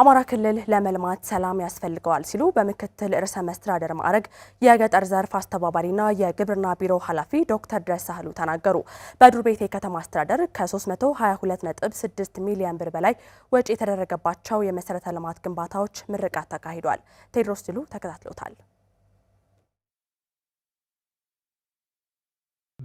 አማራ ክልል ለመልማት ሰላም ያስፈልገዋል ሲሉ በምክትል ርዕሰ መስተዳደር ማዕረግ የገጠር ዘርፍ አስተባባሪና የግብርና ቢሮ ኃላፊ ዶክተር ድረስ ተናገሩ። በዱር ቤቴ ከተማ አስተዳደር ከ322.6 ሚሊዮን ብር በላይ ወጪ የተደረገባቸው የመሰረተ ልማት ግንባታዎች ምርቃት ተካሂዷል። ቴድሮስ ድሉ ተከታትሎታል።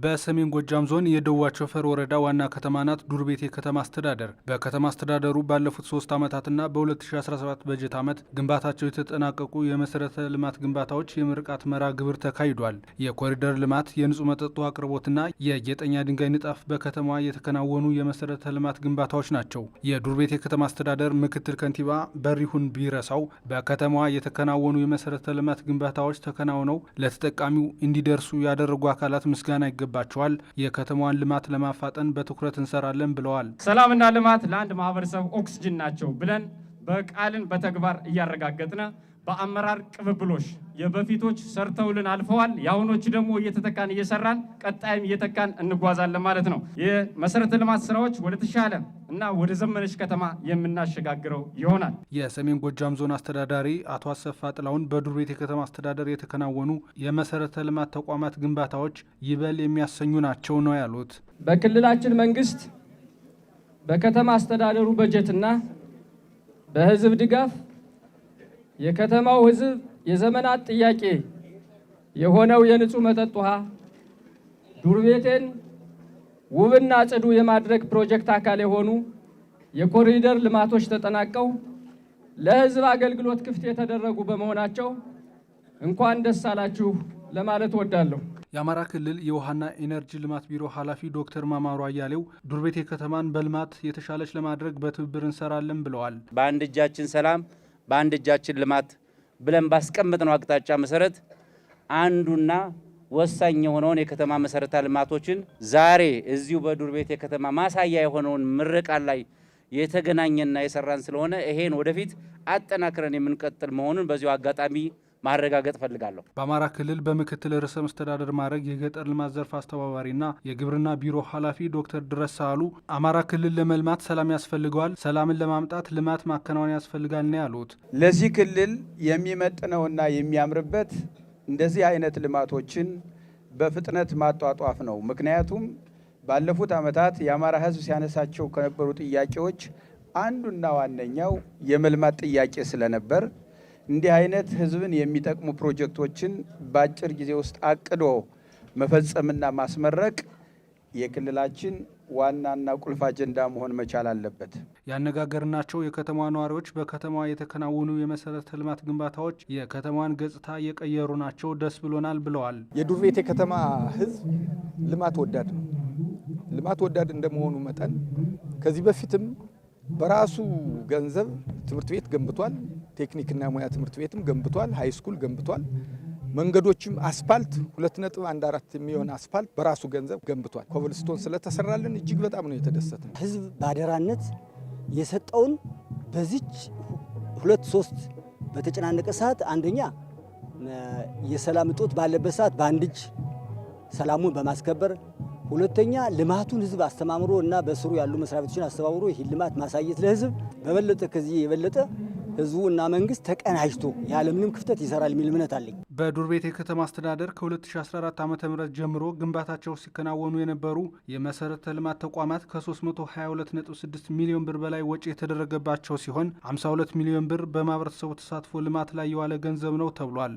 በሰሜን ጎጃም ዞን የደዋ ቸፈር ወረዳ ዋና ከተማ ናት ዱርቤቴ ከተማ አስተዳደር። በከተማ አስተዳደሩ ባለፉት ሶስት ዓመታትና በ2017 በጀት ዓመት ግንባታቸው የተጠናቀቁ የመሠረተ ልማት ግንባታዎች የምርቃት መራ ግብር ተካሂዷል። የኮሪደር ልማት፣ የንጹህ መጠጥ አቅርቦትና የጌጠኛ ድንጋይ ንጣፍ በከተማዋ የተከናወኑ የመሠረተ ልማት ግንባታዎች ናቸው። የዱርቤቴ ከተማ አስተዳደር ምክትል ከንቲባ በሪሁን ቢረሳው በከተማዋ የተከናወኑ የመሠረተ ልማት ግንባታዎች ተከናውነው ለተጠቃሚው እንዲደርሱ ያደረጉ አካላት ምስጋና ይገባል ይገባቸዋል። የከተማዋን ልማት ለማፋጠን በትኩረት እንሰራለን ብለዋል። ሰላምና ልማት ለአንድ ማህበረሰብ ኦክስጅን ናቸው ብለን በቃልን በተግባር እያረጋገጥን በአመራር ቅብብሎሽ የበፊቶች ሰርተውልን አልፈዋል። የአሁኖች ደግሞ እየተተካን እየሰራን ቀጣይም እየተካን እንጓዛለን ማለት ነው። የመሰረተ ልማት ስራዎች ወደ ተሻለ እና ወደ ዘመነች ከተማ የምናሸጋግረው ይሆናል። የሰሜን ጎጃም ዞን አስተዳዳሪ አቶ አሰፋ ጥላውን በዱርቤት የከተማ አስተዳደር የተከናወኑ የመሰረተ ልማት ተቋማት ግንባታዎች ይበል የሚያሰኙ ናቸው ነው ያሉት። በክልላችን መንግስት በከተማ አስተዳደሩ በጀትና በህዝብ ድጋፍ የከተማው ህዝብ የዘመናት ጥያቄ የሆነው የንጹህ መጠጥ ውሃ ዱር ቤቴን ውብና ጽዱ የማድረግ ፕሮጀክት አካል የሆኑ የኮሪደር ልማቶች ተጠናቀው ለህዝብ አገልግሎት ክፍት የተደረጉ በመሆናቸው እንኳን ደስ አላችሁ ለማለት እወዳለሁ። የአማራ ክልል የውሃና ኢነርጂ ልማት ቢሮ ኃላፊ ዶክተር ማማሩ አያሌው ዱርቤቴ ከተማን በልማት የተሻለች ለማድረግ በትብብር እንሰራለን ብለዋል። በአንድ እጃችን ሰላም፣ በአንድ እጃችን ልማት ብለን ባስቀመጥነው አቅጣጫ መሰረት አንዱና ወሳኝ የሆነውን የከተማ መሰረተ ልማቶችን ዛሬ እዚሁ በዱርቤቴ ከተማ ማሳያ የሆነውን ምረቃ ላይ የተገናኘና የሰራን ስለሆነ ይሄን ወደፊት አጠናክረን የምንቀጥል መሆኑን በዚሁ አጋጣሚ ማረጋገጥ ፈልጋለሁ። በአማራ ክልል በምክትል ርዕሰ መስተዳደር ማድረግ የገጠር ልማት ዘርፍ አስተባባሪና የግብርና ቢሮ ኃላፊ ዶክተር ድረስ ሳህሉ አማራ ክልል ለመልማት ሰላም ያስፈልገዋል፣ ሰላምን ለማምጣት ልማት ማከናወን ያስፈልጋል ነው ያሉት። ለዚህ ክልል የሚመጥነውና የሚያምርበት እንደዚህ አይነት ልማቶችን በፍጥነት ማጧጧፍ ነው። ምክንያቱም ባለፉት ዓመታት የአማራ ሕዝብ ሲያነሳቸው ከነበሩ ጥያቄዎች አንዱና ዋነኛው የመልማት ጥያቄ ስለነበር እንዲህ አይነት ህዝብን የሚጠቅሙ ፕሮጀክቶችን በአጭር ጊዜ ውስጥ አቅዶ መፈጸምና ማስመረቅ የክልላችን ዋናና ቁልፍ አጀንዳ መሆን መቻል አለበት። ያነጋገርናቸው የከተማ ነዋሪዎች በከተማዋ የተከናወኑ የመሰረተ ልማት ግንባታዎች የከተማዋን ገጽታ የቀየሩ ናቸው፣ ደስ ብሎናል ብለዋል። የዱርቤት ቤት የከተማ ህዝብ ልማት ወዳድ ነው። ልማት ወዳድ እንደመሆኑ መጠን ከዚህ በፊትም በራሱ ገንዘብ ትምህርት ቤት ገንብቷል። ቴክኒክና ሙያ ትምህርት ቤትም ገንብቷል። ሀይ ስኩል ገንብቷል። መንገዶችም አስፋልት ሁለት ነጥብ አንድ አራት የሚሆን አስፋልት በራሱ ገንዘብ ገንብቷል። ኮብልስቶን ስለተሰራልን እጅግ በጣም ነው የተደሰተ። ህዝብ ባደራነት የሰጠውን በዚች ሁለት ሶስት በተጨናነቀ ሰዓት አንደኛ የሰላም እጦት ባለበት ሰዓት በአንድ እጅ ሰላሙን በማስከበር ሁለተኛ ልማቱን ህዝብ አስተማምሮ እና በስሩ ያሉ መስሪያ ቤቶችን አስተባብሮ ይህን ልማት ማሳየት ለህዝብ በበለጠ ከዚህ የበለጠ ህዝቡና መንግስት ተቀናጅቶ ያለምንም ክፍተት ይሰራል የሚል እምነት አለኝ። በዱር ቤት የከተማ አስተዳደር ከ2014 ዓ ም ጀምሮ ግንባታቸው ሲከናወኑ የነበሩ የመሰረተ ልማት ተቋማት ከ322.6 ሚሊዮን ብር በላይ ወጪ የተደረገባቸው ሲሆን 52 ሚሊዮን ብር በማህበረሰቡ ተሳትፎ ልማት ላይ የዋለ ገንዘብ ነው ተብሏል።